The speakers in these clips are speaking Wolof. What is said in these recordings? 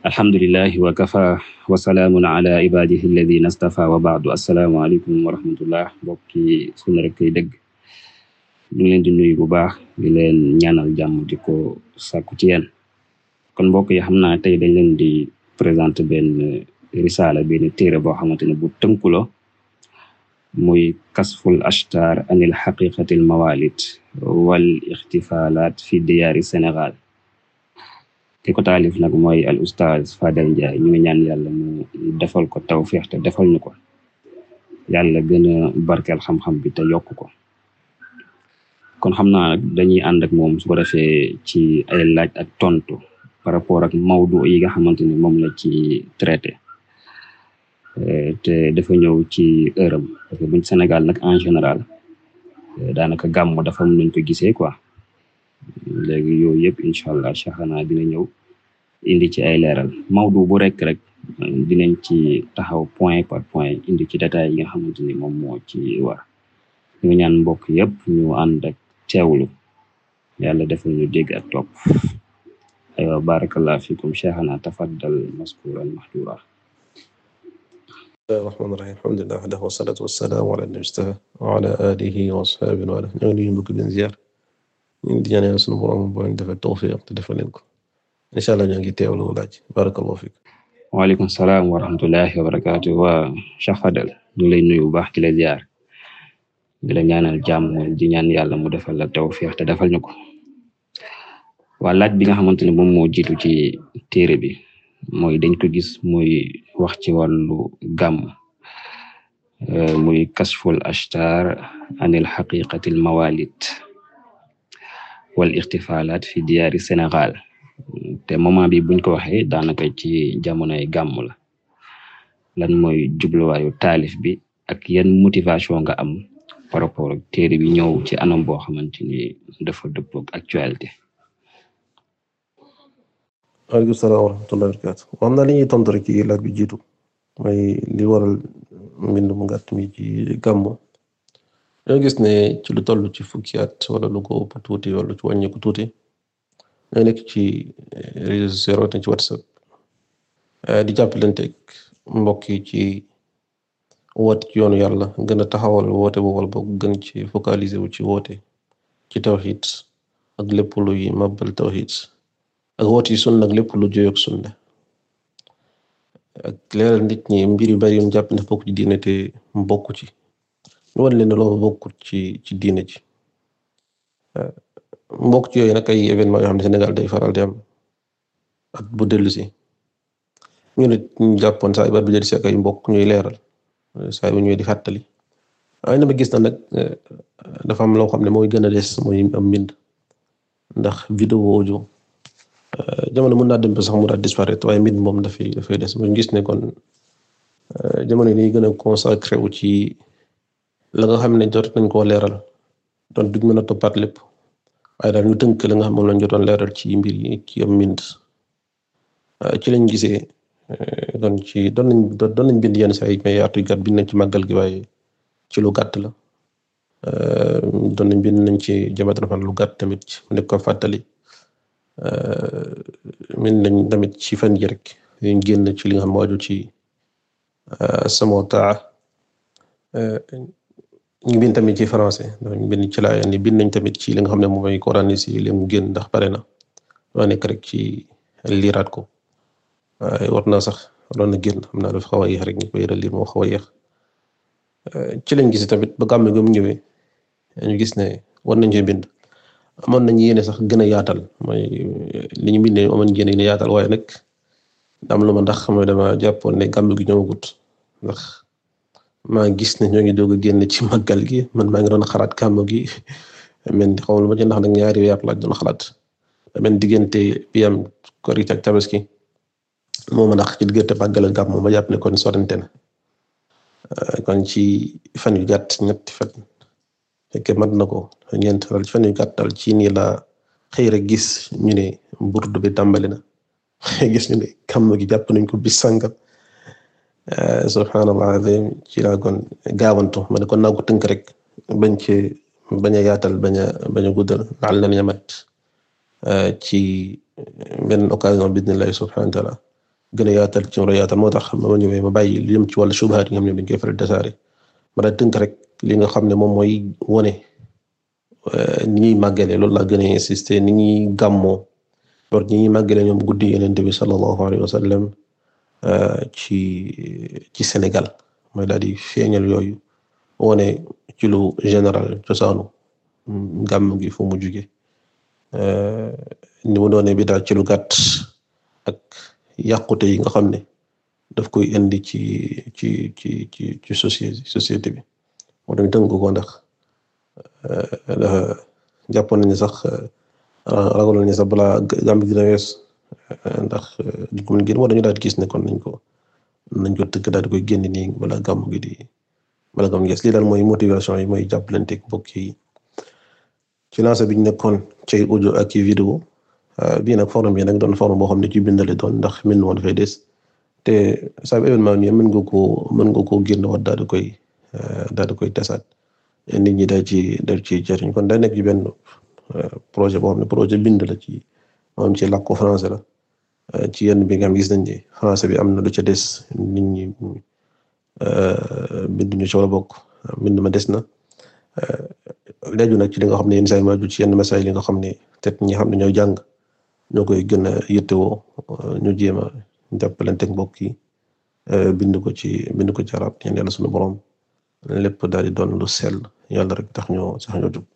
alhamdulilah wa kafa wa salaamun ala ibadihi alladina stafa wa baadu asalaamaaleykum wa rahmatullah mbokki sunu rek koy dëgg ñu ngi leen di nuyu bu baax di leen ñaanal ko sàkku ci yéen kon mbokk yi xam naa tey dañ leen di présenter benn risaala benn téere boo xamante ne bu tënkulo muy kasful ashtar anil fi diyaari Sénégal ki ko nag mooy al oustaz Fadel ñu ngi ñaan yàlla mu defal ko tawféex te defal ñu ko yàlla gën barkel barkeel xam-xam bi te yokk ko kon xam naa dañuy ànd ak moom su ko ci ay laaj ak tontu par rapport ak mawdu yi nga xamante ni moom la ci traité euh, te dafa ñëw ci ërëm parce Sénégal nag en général euh, daanaka gàmm dafa am luñ ko gisee quoi léegi yooyu yëpp incha allah Cheikh Xanaa dina ñëw indi ci ay leeral mawdu bu rek rek dinañ ci taxaw point par point indi ci détails yi nga xamante ni moom moo ci war ñu ñaan mbokk yëpp ñu ànd ak teewlu yàlla defal ñu dégg ak topp aywa barakallahu fikum Cheikh Xanaa tafaddal maskuran mahduura bismillahi rahmaani rahim alhamdulillahi wahdahu wassalatu wassalamu ala wa ala alihi wa ashabihi wa ñu ngi di ñaan yàlla sunu borom defal tawfiq defal leen ko incha allah ñoo ngi teewlu laaj barakallahu fiik. waaleykum salaam wa rahmatullahi wa barakaatu waa lay nuyu bu baax ki la ziar di la ñaanal jàmm di yàlla mu defal la tawfiq te defal ñu ko. waa laaj bi nga xamante ne moom moo jiitu ci téere bi mooy dañ ko gis muy wax ci wàllu gàmm muy kasful ashtar anil haqiqatil mawalid wal ixtifaalaat fi diyaari Sénégal te moment bi buñ ko waxee daanaka ci jamonoy gàmm la lan mooy jubluwaayu taalif bi ak yan motivation nga am par rapport ak téere bi ñëw ci anam boo xamante ni dafa dëppoog actualité aleykum salaam wa rahmatullahi wa waral mbind mu gàtt mi ci gàmmu ñoo gis ne ci lu toll ci fukki at wala lu ko tuuti wala ci wàññi tuuti ñoo nekk ci eh, réseaux sociaux ci WhatsApp eh, di jàppalanteeg mbokk yi ci woot ci yoonu yàlla gën a taxawal woote bu wala boog ci focaliser wu ci woote ci tawhid ak lépp luy mabal tawhid ak woote yi sunna nag lépp lu jóyoog sunna ak leeral nit ñi mbir yu bari yu jàpp bokk ci diine te mbokk ci. wan leen loolu bokkut ci ci diine ji eh, mbokk ci yooyu nag ay événement yoo xam ne Sénégal day faral di am at bu dellu si ñu ne jàppoon saa yu mbokk ñuy leeral saa yu ñëwee di fàttali waaye dama gis na nag eh, dafa am loo ne mooy gën a des mooy am mbind ndax vidéo audio eh, jamono mën dem ba sax mu daal disparaître waaye mbind moom dafay dafay des ba ñu gis ne kon jamono yi dañuy gën a consacré ci. la nga xam ne jot nañ koo leeral doon duñ mën a toppaat lépp daal ñu tënk la nga xam moom lañ jotoon leeral ci mbir yi ci am mbind ah, ci lañ gisee eh, doon ci doon nañ doon nañ bind yenn saa yi mais yaatu gàtt bind nañ ci màggal gi waaye ci lu gàtt la eh, doon nañ bind nañ ci jamatul fan lu gat tamit mu nekk ko fàttali min eh, nañ tamit ci fan yi rek yuñ génn ci li nga xam waaju ci samoo taa ñu bind tamit ci français donc ñu bind ci laayoon ni bind nañ tamit ci li xam ne moom mooy Coran si li mu génn ndax pare na ma nekk rek ci liiraat ko waaye war naa sax waroon na génn xam na dafa xaw a yéex rek ñu koy yëral liir xaw a yéex euh, ci lañ gis tamit ba gàmm gi mu ñëwee ñu gis ne war nañ cee bind nañ yéene sax gën a yaatal mooy euh, li ñu bindee amoon nañ yéene yaatal waaye nag am lu ma ndax mooy dama jàppoon ne gàmm gi ñëwagut ndax. maa gis ne ñoo ngi doog a génn ci màggal gi man maa ngi doon xalaat kàmmu gi man xaw ma ci ndax nag ñaari weer laa diggante bi am korite ak tabaski moo ma ndax ci diggante màggal ak kàmmu ma jàpp ne kon sorante na euh, kon ci fan yu gàtt ñetti fan fekk mat na ko ñeent dal ci fan yu gàtt dal ci nii la xëy rek gis ñu ne burdu bi tàmbali na gis ñu ne kàmmu gi jàpp nañ ko bis Eh, subhaanallah azim ci laa kon gaawantu ma ne kon naa ko tënk rek bañ ci bañ a yaatal bañ a bañ a guddal naal na ñamat eh, ci benn occasion bismillahi subhaanahu wa taala gën a yaatal ci war a yaatal moo ta ma ma ma bàyyi li jëm wàllu subhaat yi nga xam ne dañ koy tënk rek li nga xam ne moom mooy wone eh, ni ñuy màggale loolu laa gën a ni ñuy gàmmoo loolu ñi ñuy màggale ñoom guddi Yonent bi sallallahu alayhi wa sallam Euh, ci ci Sénégal mooy daal feeñal yooyu wone ci général cosaanu gàmm gi fo mu juge euh, ni mu doone bi daal ci lu gàtt ak yàqute yi nga xam ne daf koy indi ci ci ci ci ci société société bi moo tamit tënk ko ndax euh, dafa jàppoon nañu sax ragaloon nañu sax balaa gàmm gi na ndax dañ ko mën génn wala ñu gis ne kon ko nañ ko tëgg daal di koy génn nii wala gàmm gi di wala gàmm gi daal mooy motivation yi mooy jàppalanteeg mbokk yi ci lancé bi ñu nekkoon ci audio ak ci vidéo ah, bii nag forum yi nag doon forum boo xam ne ci bindale doon ndax mel na woon fay des te sa événement bi mën nga koo mën nga koo génn wat daal di koy ah, daal di koy tasaat nit ñi daal ci daal ci jariñ kon day nekk ci benn ah, projet boo xam ne projet bind la ci moom ci làkku france la. ci yenn bi nga xam gis nañ ci français bi am na lu ca des nit ñi euh, bind ñu ci bokk bind ma des na léegi euh, nag ci li nga xam ne yenn saa yi ma ci yenn message li nga xam ne te ñi xam ne ñoo jàng ñoo koy gën a yittewoo euh, ñu jéem a jàppalanteeg mbokk yi bind ko ci bind ko ci arab ñaan yàlla sunu borom lépp daal di doon lu sell yàlla rek tax ñoo sax ñoo jub.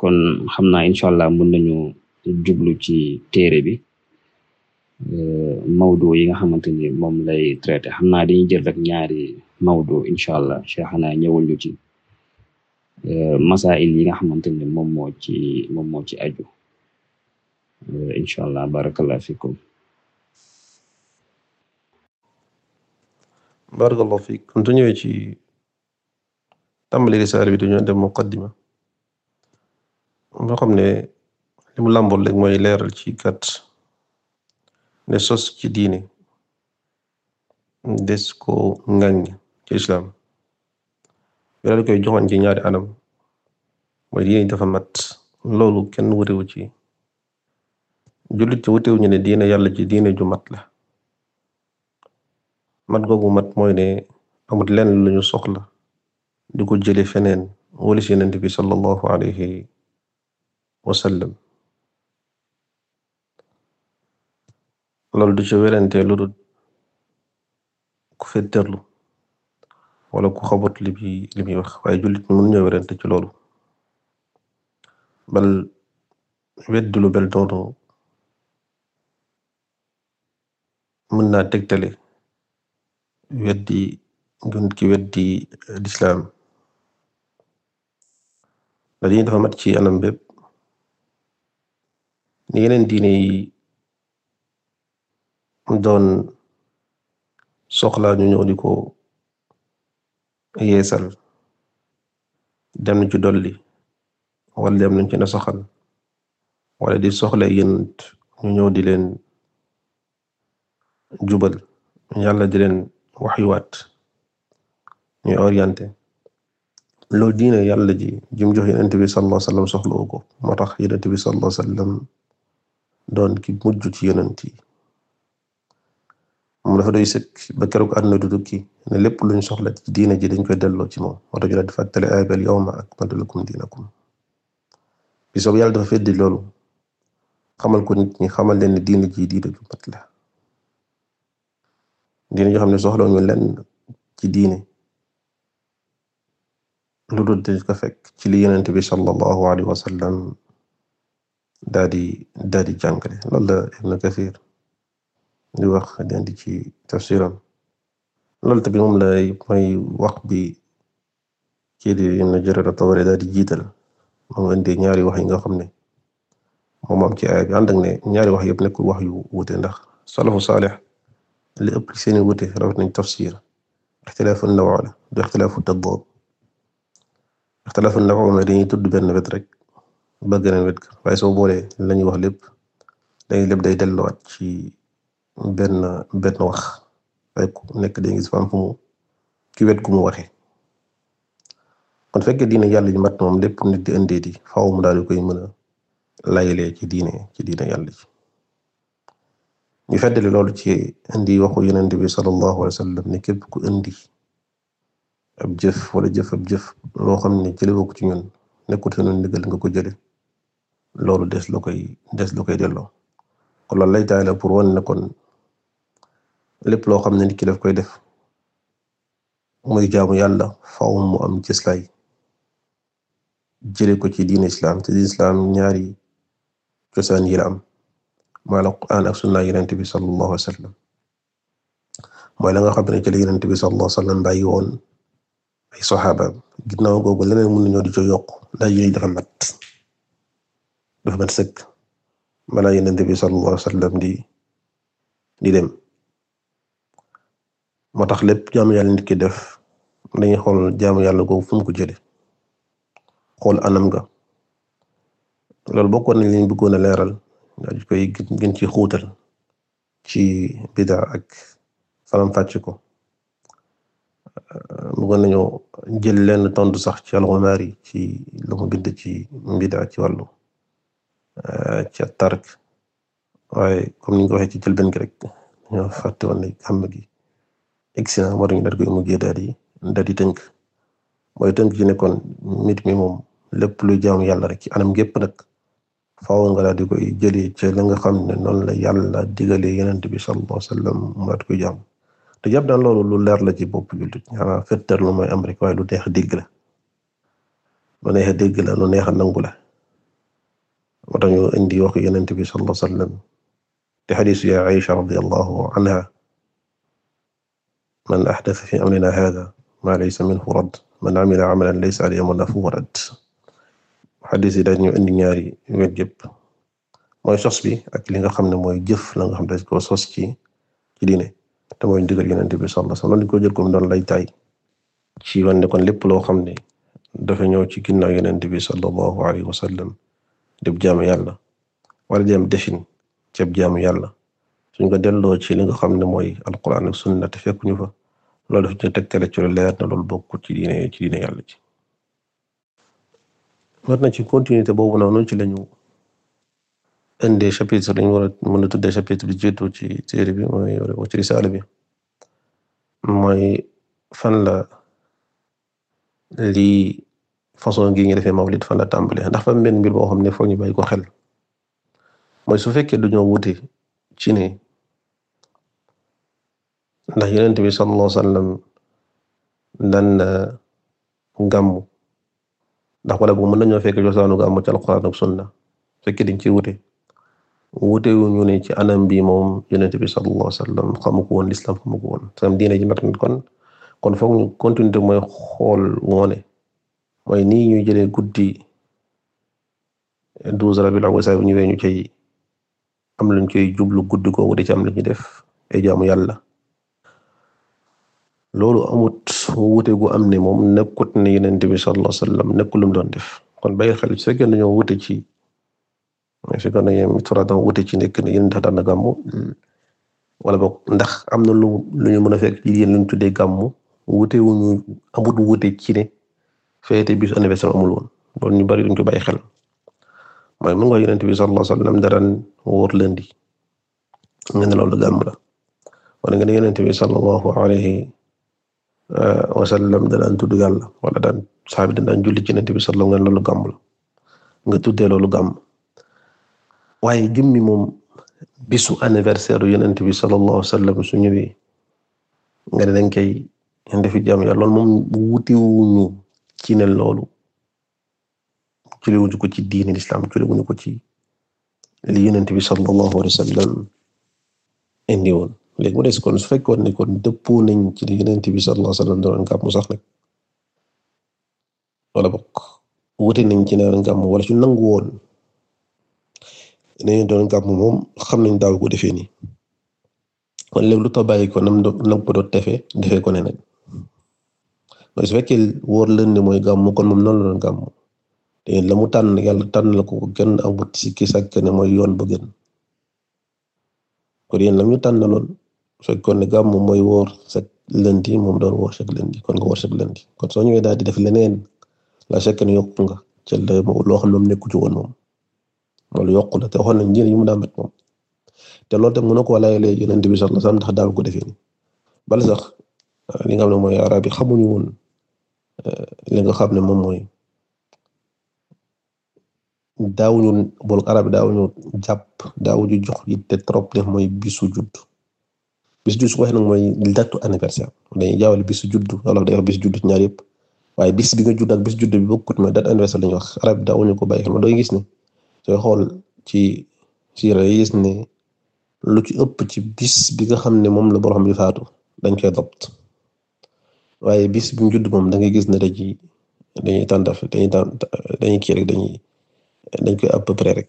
kon xam naa incha allah mën nañu jublu ci téere bi euh, mawdu yi nga xamante ni moom lay traité xam naa dañu jël rek ñaari mawdu incha allah cheikhana ñëwal ñu ci euh, masail yi nga xamante ni moom moo ci moom moo ci aju euh, incha allah barakallah fikum barakallah fik kon tu ñëwee ci tàmbali risaala bi dañoo dem muqaddima nga xam ne li mu làmbool rek leeral ci kat ne sos ci diine des ko ngañ ci islam yooyu la koy joxoon ci ñaari anam mooy diine dafa mat loolu kenn wutewu ci jullit ci wutewu ne diine yàlla ci diine ju mat la mat googu mat mooy ne amut lenn lu ñu soxla di ko jële feneen wala si yonent bi alayhi wasallam loolu du ci werante ludul ku fetterlu wala ku xamut li muy wax waaye jullit mënuñu werante ci loolu bal weddi lu mel noonu na tegtale weddi gu ki weddi lislaam dañuy dafa mat ci anam bépp ni yeneen diine yi doon soxlaa ñu ñëw di ko yeesal dem nañ ci dolli wala dem nañ ci na soxal wala di soxla yéen ñu ñëw di leen jubal yàlla di leen waxyuwaat ñuy orienté loolu diine yàlla ji jum jox yonent bi sallallahu alayhi wasallam soxla ko moo tax yonent bi sallallahu alayhi don ki mujj ci yonent yi moom dafa doy sëkk ba keroog na du tukki ne lépp luñ soxla ci diina ji dañ koy delloo ci moom moo tax ñu ne di fàttali aaya bi al-yawma akmaltu lakum diinakum yàlla dafa feddi loolu xamal ko nit ñi leen ne diina ji diina ju mat la diina joo xam ne soxla ñu lenn ci diine lu dul dañ ko fekk ci li yonent bi sallallahu alayhi wa daal di daal di jàngale loolu di wax dandi ci tafsiram loolu tamit moom lay mooy wax bi kii di Ibn Jarir at-Tabari daal di jiital moom indi ñaari wax yi nga xam ne moom am ci aaya bi ñaari wax yëpp nekkul wax yu wute ndax salafu saalih li ëpp seeni wute rawat nañ tafsir ixtilaafu naw' la du ixtilaafu tadad ixtilaafu naw' mooy dañuy tudd benn bët rek bëgg nañ wet waaye soo boolee lañu wax lépp léegi lépp day delluwaat ci benn benn wax waaye ku nekk day gis fam fu mu wet gu mu waxe kon fekkee diine yàlla ji mat moom lépp nit di indee di faaw daal di koy mën a ci diine ci diine yàlla ji ñu feddali loolu ci indi waxu yonent bi sallallahu alayhi wa sallam ne képp ku indi ab jëf wala jëf ab jëf loo xam ne jëlee ko ci ñun nekkul te ñun nga ko jëlee. loolu des la koy des la koy delloo kon loolu lay taay la pour wan ne kon lépp loo xam ne nit ki daf koy def muy jaamu yàlla faaw mu am cëslaay jële ko ci diin islam te diin islam ñaari cosaan yi la am mooy alquran ak sunna yonent bi sallallahu alayhi wa sallam mooy la nga xam ne ci la yonent bi sallallahu alayhi wa sallam bàyyi woon ay saxaabaam ginnaaw googu leneen mën nañoo di co yokk ndax yooyu dafa mat dafa mat sëkk balaa yonent bi sallallahu alayhi wasallam di di dem moo tax lépp jaamu yàlla nit ki def dañuy xool jaamu yàlla googu fu mu ko jëlee xool anam ga loolu bokkoon nañ liñ bëggoon a leeral nga koy gën ci xuutal ci bida ak faram fàcce ko bëggoon nañoo jël lenn tontu sax ci al ci lu mu bind ci bida ci wàllu. Eh, ci tark waaye comme niñ waxe waxee ci jëlbeen rek dañoo fàtte woon ne xam gi excellent moo tax ñu daal koy mujjee daal di daal di tënk mooy ci ne kon nit mi moom lépp lu jaam yàlla rek ci anam gépp nag faaw nga daal di koy jëlee ci nga xam ne noonu la yàlla digalee yonent bi sallallahu alayhi wasallam mu daal koy jaam te jàpp daan loolu lu leer la ci bopp jullit xanaa fettar lu mooy am rek waaye lu neex dégg la lu neex dégg la lu neex nangu la. moo tax ñu indi wax Yonent bi sallallahu alayhi wa sallam te xadiisu ya Aïsha radiyallahu anha man ahdatha fi amrina haadha maa laysa minhu radd man amila amalan laysa alayhi amrunaa fahuwa radd xadiis yi dañu indi ñaari wet yëpp mooy sos bi ak li nga xam ne mooy jëf la nga xam ne ko sos ci ci diine te mooy ndigal Yonent bi sallallahu alayhi wa sallam dañ ko jël comme doon lay tay ci wane kon lépp loo xam ne dafa ñëw ci ginnaaw Yonent bi sallallahu alayhi wa sallam dib jaamu yàlla wala dem defin ceeb jaamu yàlla suñ ko delloo ci li nga xam ne mooy alquran ak sunna te fekkuñu fa loolu daf ñu tegtale ci lu leer na loolu bokk ci diine ci diine yàlla ci mat na ci continuité boobu noonu ci lañu indi chapitre dañ war a mën a tuddee chapitre bi jiitu ci téere bi mooy ci risaala fan la lii façon gi ñu defee mawlid fan la tàmbalee ndax fa mbenn mbir boo xam ne foog ñu bàyyi ko xel mooy su fekkee dañoo wute ci ne ndax yonent bi sallallahu alayhi wasallam dan gàmmu ndax wala bu mën nañoo fekk cosaanu gàmmu ci alquran ak sunna fekkee dañ ci wute wu ñu ci anam bi moom yonent bi sallallahu alayhi wasallam xamu ko woon l'islam xamu ko woon sam diine ji mat kon kon foog ñu continuer mooy xool woone mooy nii ñuy jëlee guddi douze Rabiul Awwal saa bu ñëwee ñu cay am luñ koy jublu guddi googu di ci am ñuy def ay jaamu yàlla loolu amut wute gu am ne moom nekkut ne Yonent bi sallallahu alayhi wasallam nekkul lu mu doon def kon bàyyi xel su fekkee dañoo wute ci su fekkee dañoo turadan wute ci nekk ne yéen daan na gàmmu wala boog ndax am na lu lu ñu a fekk ci yéen lu ñu tuddee gammu wute wuñu amut wute ci ne. feete bisu anniversaire amul woon loolu ñu bari duñ ko bàyyi xel mooy mu nga yonent bi sallallahu alayhi wasallam daran wóor lundi nga ne loolu gàmm la wala nga ne yonent bi sallallahu alayhi uh, wasallam daan tudd yàlla wala daan saabi daan julli ci yonent bi sallallahu nga ne loolu gàmm nga tuddee loolu gàmm waaye jëmmi moom bisu anniversaire yonent bi sallallahu alayhi wasallam su ñëwee nga ne dañ koy defi jàmm yàlla loolu moom wutiwuñu ci ne loolu jëlewuñu ko ci diine l'islam jëlewuñu ko ci li yonent bi sallallahu alayhi wa sallam indi woon léegi mu des kon su fekkoon ne kon dëppoo nañ ci li yonent bi sallallahu alayhi wa doon gàmmu sax nag wala bokk wute nañ ci ne doon gàmmu wala su nangu woon nañ doon gàmmu moom xam nañ daal ko defee nii kon léegi lu tax bàyyi ko nam nam ko doon defee defee ko ne nag mooy su fekkee wóor leen mooy gàmmu kon moom noonu la doon gàmmu te la mu tànn yàlla tànn la ko kenn amut si kii sax ne mooy yoon bu gën kon yéen la ñu tànn lool su fekkoon ne gàmmu mooy wóor chaque lundi moom doon wóor chaque lundi kon nga wóor chaque lundi soo ñëwee daal di def leneen la chaque ne yokku nga ca loo xam ne moom nekku woon moom loolu yokku la te waxoon nañ njëriñ mu daan rek moom te loolu te mën na ko walaayale yonent bi sallallahu alayhi wasallam ndax daan ko defee nii sax li nga xam ne mooy arab yi xamuñu woon. li nga xam ne moom mooy daawuñu bool arab daawuñu jàpp daawuñu jox yitte trop def mooy bissu judd bisu judd su ko waxee nag mooy datu anniversaire dañuy jaawale bisu judd wala day wax bisu judd ñaar yëpp waaye bis bi nga judd ak bisu judd bi bokkut mais date anniversaire lañuy wax arab daawuñu ko bàyyi xel ma dooy gis ne sooy xool ci ci gis ne lu ci ëpp ci bis bi nga xam ne moom la xam bi faatu dañ koy dopt waaye bis bu judd moom da ngay gis ne dañuy dañuy tàndaf dañuy dañuy kii rek dañuy dañ koy à peu près rek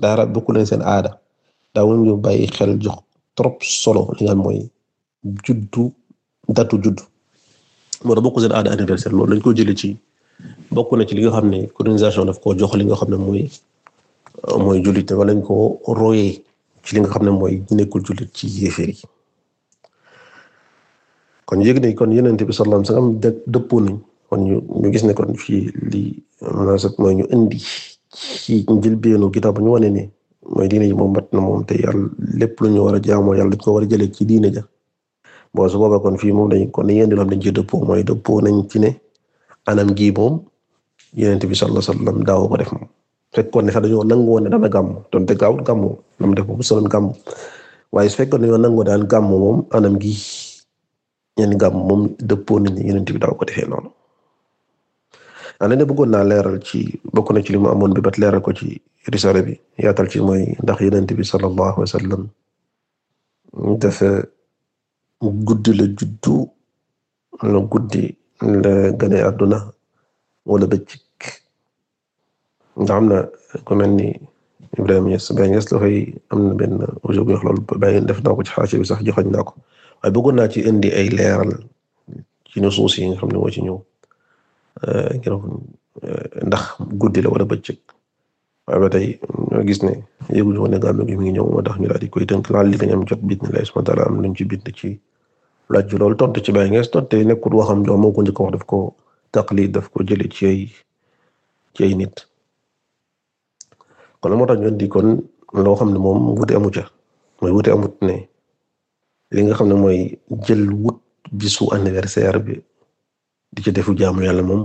daara bokk nañ seen aada daawul ñu bàyyi xel jox trop solo li nga xam mooy juddu datu juddu moo tax bokk seen aada anniversaire loolu dañ ko jëlee ci bokk na ci li nga xam ne colonisation daf koo jox li nga xam ne mooy mooy jullit wala ñu ko royee ci li nga xam ne mooy nekkul jullit ci yéeféer yi kon yëg nañ kon yonent bi sallallahu alayhi wasallam dë dëppoo nañ kon ñu ñu gis ne kon fii lii munasab mooy ñu indi ci njëlbeenu kitaab ñu wane ne mooy diine ji moom mat na moom te yàlla lépp lu ñu war a jaamoo yàlla dañ ko war a jëlee ci diine ja boo su boobaa kon fii moom dañ kon dañuy indi loolu dañ ciy dëppoo mooy dëppoo nañ ci ne anam gi moom yonent bi sallallahu alayhi wasallam daaw ko def moom fekkoon ne sax dañoo nangu woon ne dana gàmm donte gaawul gàmm nam def boobu soloon gàmm waaye su fekkoon ne dañoo nangu daan gàmm moom anam gi yenn gàmm moom dëppoo nañ ne yonent bi daaw ko defee noonu ana ne bëggoon naa leeral ci bokk na ci li mu amoon bi bat leeral ko ci risale bi yatal ci mooy ndax yonent bi sallallahu alayhi wa sallam dafa guddi la juddu la guddi la gane àdduna wala bëccëg ndax am na ku mel ni Ibrahima Niass Baye Niass dafay am na benn audio bu wax loolu Baye def naa ci xaasi bi sax joxoñ naa ko waaye bëggoon naa ci indi ay leeral ci nu suus yi nga xam ne moo ci ñëw eh, eh, ndax guddi la wala bëccëg waaye ba tey ñoo gis ne yëguñu woon ne gàmm gi mi ngi ñëw moo tax ñu daal di koy tënk laal li nga ñam jot bind la subhanahu ta'ala am ci bind ci laaj loolu tontu ci bàyyi ngees tontu nekkul waxam joo moo ko njëkk wax daf ko taqlid daf ko jële ci ay ci ay nit kon moo tax ñu di kon loo xam ne moom wute amu ca mooy wute amut ne li nga xam ne mooy jël wut bisu anniversaire bi di ci defu jaamu yàlla moom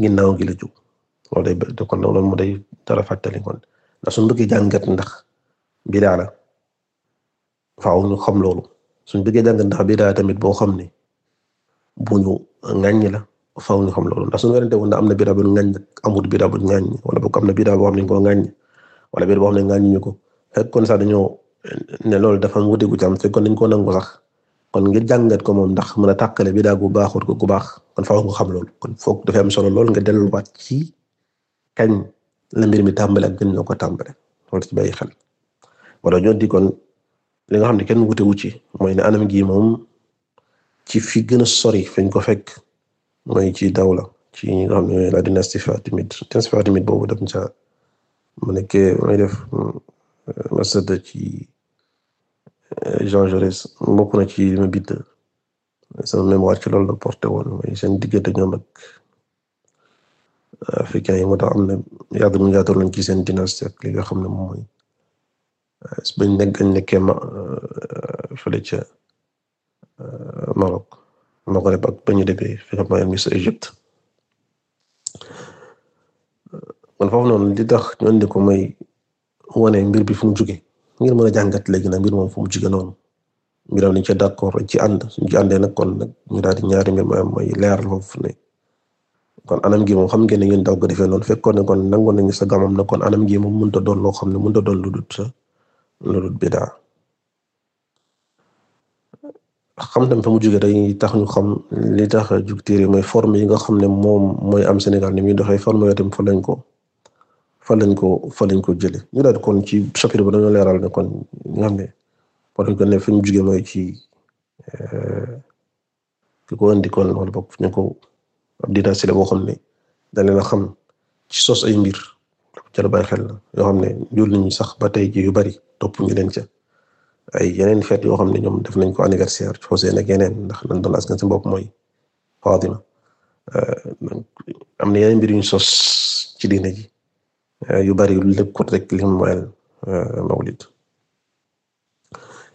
ginnaaw gi la jóg loolu day da kon loolu moo day fàttali kon ndax suñu bëggee jàngat ndax bidaa la faaw ñu xam loolu suñu bëggee jàngat ndax bidaa tamit boo xam ne bu ñu ŋaññi la faaw ñu xam loolu ndax suñu werante woon na am na bidaa bu ñu ŋaññ amul bidaa bu ñu wala boog am na bidaa boo xam ne ñu ko ŋaññ wala bidaa boo xam ne ŋaññu ñu ko fekk kon sax dañoo. ne loolu dafa am wuute gu ci am fekk kon dañ koo nangu sax kon ngir jàngat ko moom ndax mën a tàqale bi daa gu baaxut ko gu baax kon faaw nga xam loolu kon foog dafa am solo lool nga delluwaat ci kañ la mbir mi gën ñoo ko tàmbale loolu ci ñoo di kon li nga xam ne kenn wuute wu ci mooy ne anam gi moom ci fi gën a sori fañ ko fekk mooy ci dawla ci ñi nga xam ne la dynastie fatimide dynastie boobu daf ca mu nekk may def euh, masada ci Euh, Jean Jaurès bokk na ci li ma bind sama mémoire ci loolu la porté woon mooy seen diggante ñoom ak euh, yi moo tax am na yaatu mu yaatu lañ ci seen dynastie ak li nga xam ne moom mooy euh, bañ nekk dañ nekkee ma fële Maroc Maghreb ak ba ñu demee fii ak Misra Égypte man foofu noonu li tax ñu andi ko mooy wane mbir bi fu mu jógee. ngir mën a jàngat léegi nag mbir moom fu mu jigéen noonu mbiram ni ci d'accord ci ànd suñu ci àndee nag kon nag ñu daal di ñaari mbir ma mooy leer foofu ne kon anam gi moom xam ngeen ne ngeen daw ko defee noonu fekkoon ne kon nangoon nañu sa gamam na kon anam gi moom mënut a doon loo xam ne mënut a doon lu dut lu dut bidaa xam tam fa mu jóge day tax ñu xam li tax jug téere mooy forme yi nga xam ne moom mooy am Sénégal ni muy doxee forme yoo tam fa lañ ko fa lañ ko fa lañ ko jëlee ñu daal kon ci chapitre ba dañoo leeral ne kon nga xam ne war nañ ko ne fi mu jugee mooy ci euh, ki ko andi kon wala boog ñu ko ab dinaasi la boo xam ne da xam ci sos mbir ca la bàyyi yoo xam ne jul nañu sax ba tey ji yu bari topp ñu leen ca ay yeneen fête yoo xam ne ñoom def nañ ko anniversaire ci Hussein ak yeneen ndax lañ doon askan si bopp mooy Fatima euh, am na yeneen mbir ñu sos ci diine ji. Euh, yu bari lépp kon rek li mu waral euh, mawlid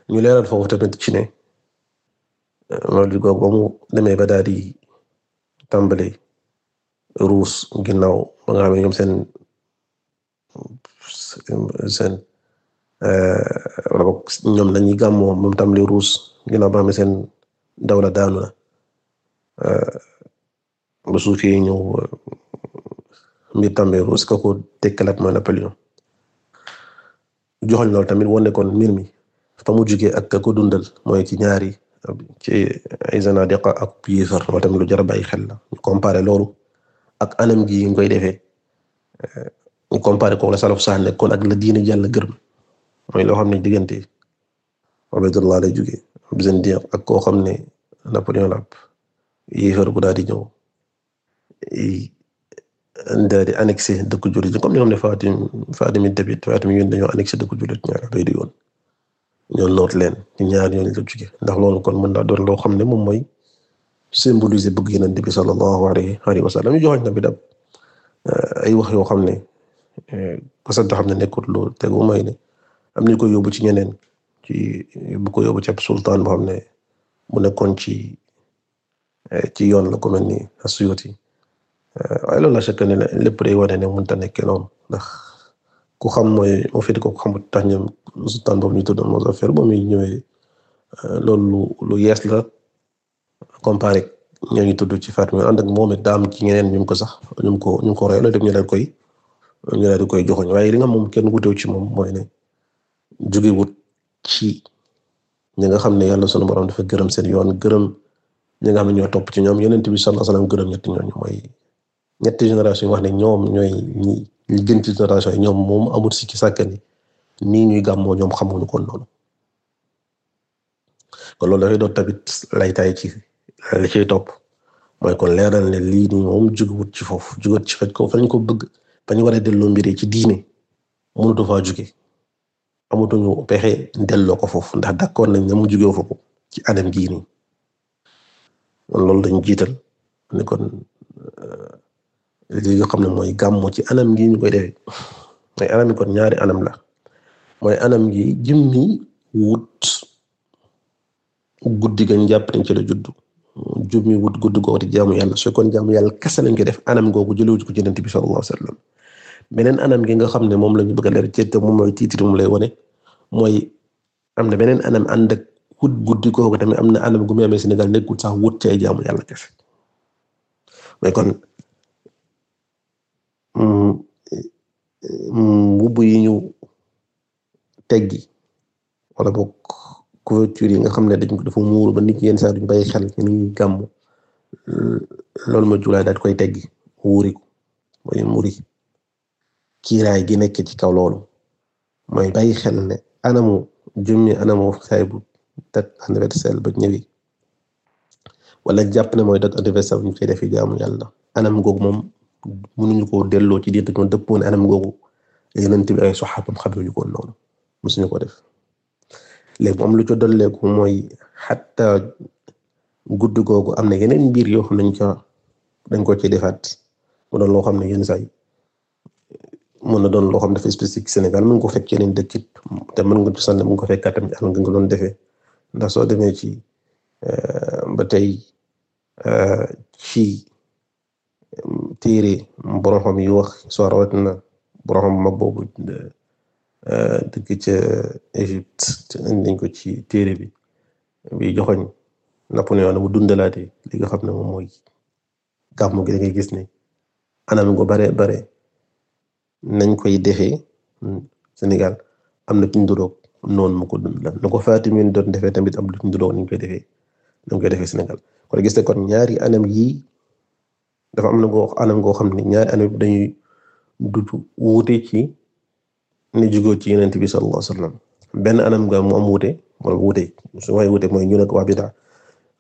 ñu leeral foofu tamit ci ne euh, mawlid googu ba mu demee ba daal di tàmbali ruus ginnaaw ba nga xam ne ñoom seen seen wala boog ñoom lañuy gàmmoo moom tàmbali ruus ginnaaw ba nga seen dawla daanu na ba suufee ñëw mi Tambédou est-ce ko tekkal ak mooy Napoléon joxoñ loolu tamit wane kon mbir mi fa mu jugee ak ka ko dundal mooy ki ñaari ci ay zanadiqa ak yéefar loolu tamit lu jar xel na ñu comparé loolu ak anam gi ñu koy defee euh, ñu comparé ko la salaf sax nekkoon ak la diine jàll gërëm mooy loo xam ne diggante Ubaydullah lay jugee ab zindiq ak koo xam ne Napoléon la ab yéefar bu daal di ñëw. daal di ne Fatim Fatim it tamit Fatim yi dañoo annexé dëkku jullit ñaar doy di yoon ñoo noot leen ci ñaar ñoo leen jóge ndax loolu kon mën na doon loo xam ne moom mooy symboliser bëgg Yonent bi sallallahu alayhi wa sallam ñu joxoon tamit ab eh, ay wax yoo xam ne parce eh, que xam ne nekkut lu tegu may ne am nañu ko yóbbu ci ñeneen ci bu ko yóbbu ci ab sultaan boo xam ne mu nekkoon ci eh, ci yoon la ko mel ni Asuyuti waaye loolu la c' ne lépp day wane ne mënut a nekkee ndax ku xam mooy en ko ku xamut tax ñoom sultaan boobu ñu tudd Muzaffer ba muy ñëwee euh, loolu lu yees la comparé ñoo ngi tudd ci Fatima ànd ak moom it daa ci ñeneen ñu ko sax ñu ko ñu ko roy la dem ñu leen koy ñu leen koy joxoñ waaye li nga moom kenn wutew ci moom mooy ne jóge wut ci ñi nga xam ne yàlla sunu borom dafa gërëm seen yoon gërëm ñi nga xam ne ñoo topp ci ñoom yonent bi sallallahu alayhi wasallam gërëm ñett ñooñu mooy. ñetti génération wax ne ñoom ñooy ñi ñu gën ci génération yi ñoom moom amul ci sàkk ni nii ñuy gàmmoo ñoom xamuñu ko loolu kon loolu dafay doon tamit laytaay ci li topp mooy kon leeral ne lii nii moom juguwut ci foofu juguwut ci faj ko fañ ko bëgg bañ war a delloo mbir ci diine mënatu faa juge amatuñu pexe delloo ko foofu ndax d'accord nañ ne mu jugee foofu ci anam gii nii loolu dañu jiital ne kon. li nga xam ne mooy gàmmu ci anam gi ñu koy defe mooy anam yi kon ñaari anam la mooy anam gi jëmmi wut guddi gañ jàpp nañ ci la juddu jëmmi wut guddi goo di jaamu yàlla su kon jaamu yàlla kese lañ koy def anam googu jëlewuñ ko ci Yonent bi sallallahu alayhi wasallam beneen gi nga xam ne moom lañu bëgg a leer ci te moom mooy titre lay wone mooy am na beneen anam ànd ak wut guddi googu tamit am na anam gu muy amee Sénégal nekkul sax wut ci ay jaamu yàlla kese Hm, hm, hm, mbubb yi ñu teggi wala boog couverture yi nga xam ne dañ ko dafa muur ba nit yenn saa duñ bàyyi xel ci ni ñuy gàmm loolu ma julaay daal koy teggi wuuri ko mooy muri kiiraay gi nekk ci kaw loolu mooy bàyyi xel ne anamu jummi anamu saay bu date anniversaire ba ñëwi wala jàpp ne mooy date anniversaire bu ñu koy defee jaamu yàlla anam googu moom mënuñu koo delloo ci diir dañoo dëppoon anam googu yonent bi ay saxaabam xamuñu ko noonu mësuñu ko def léegi mu am lu co dolleeku mooy xatta gudd googu am na yeneen mbir yoo xam ko dañ ko ci defaat mu doon loo xam ne yenn saa yi mën na doon loo xam dafa spécifique Sénégal mën ko fekk yeneen dëkk te mën nga sant mën ko fekkaat tamit àll nga nga doon defee ndax soo demee ci euh, ba tey euh, ci. téere borom xam yi wax soo na borom xam mag boobu eh, dëkk ca Égypte nañ ko ci téere bi bi joxoñ Napoléon bu dundalaatee li nga xam ne moom mooy gàmmu gi da gis ne anam go bare bare nañ koy dexe Sénégal am na tunduroog noonu mu ko dundal na ko Fatim yi doon defee tamit am na tunduroog ni ñu koy defee koy defee Sénégal kon gis ne kon ñaari anam yi dafa am na goo anam goo xam ne ñaar anam dañuy dudd wuute ci ne jugoo ci yonent bi sallallahu alayhi wasallam benn anam nga mu am wuute wala wuute su may wuute mooy ñu waa bida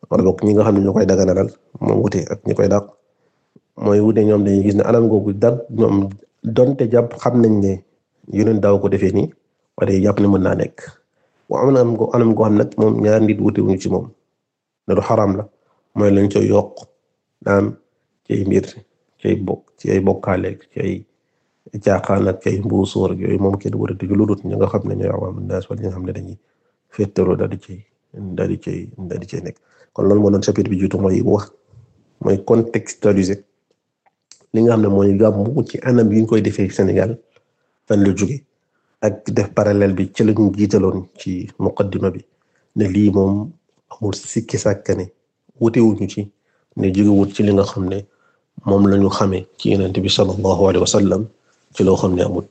wala bokk ñi nga xam ne ñoo koy daganalal moom wuute ak ñi koy dàq mooy wuute ñoom dañuy gis ne anam googu dal ñoom donte jàpp xam nañ ne yeneen daaw ko defee nii waaye jàpp ne mën naa nekk wa am na anam goo xam nag moom ñaari nit wuute ci moom ne du xaram la mooy lañ co yokk ci ay mbir ci ay bokk ci ay bokkaaleeg ci ay caaxaan ak ci ay yooyu moom kenn war a dégg lu xam ne ñooy awaam naas wala ñi xam ne dañuy féetaloo daal di cay daal di cay di cay nekk kon loolu moo doon chapitre bi jiitu mooy wax mooy contextualiser li nga xam ne mooy gàmmu ci anam yi ñu koy defee Sénégal fan la jóge ak def parallèle bi ci lañu jiitaloon ci muqaddima bi ne lii moom amul siki sàkkane wute wuñu ci ne wut ci li nga xam ne moom ñu xamee ci yonent bi sallallahu alayhi wa sallam ci loo xam ne amut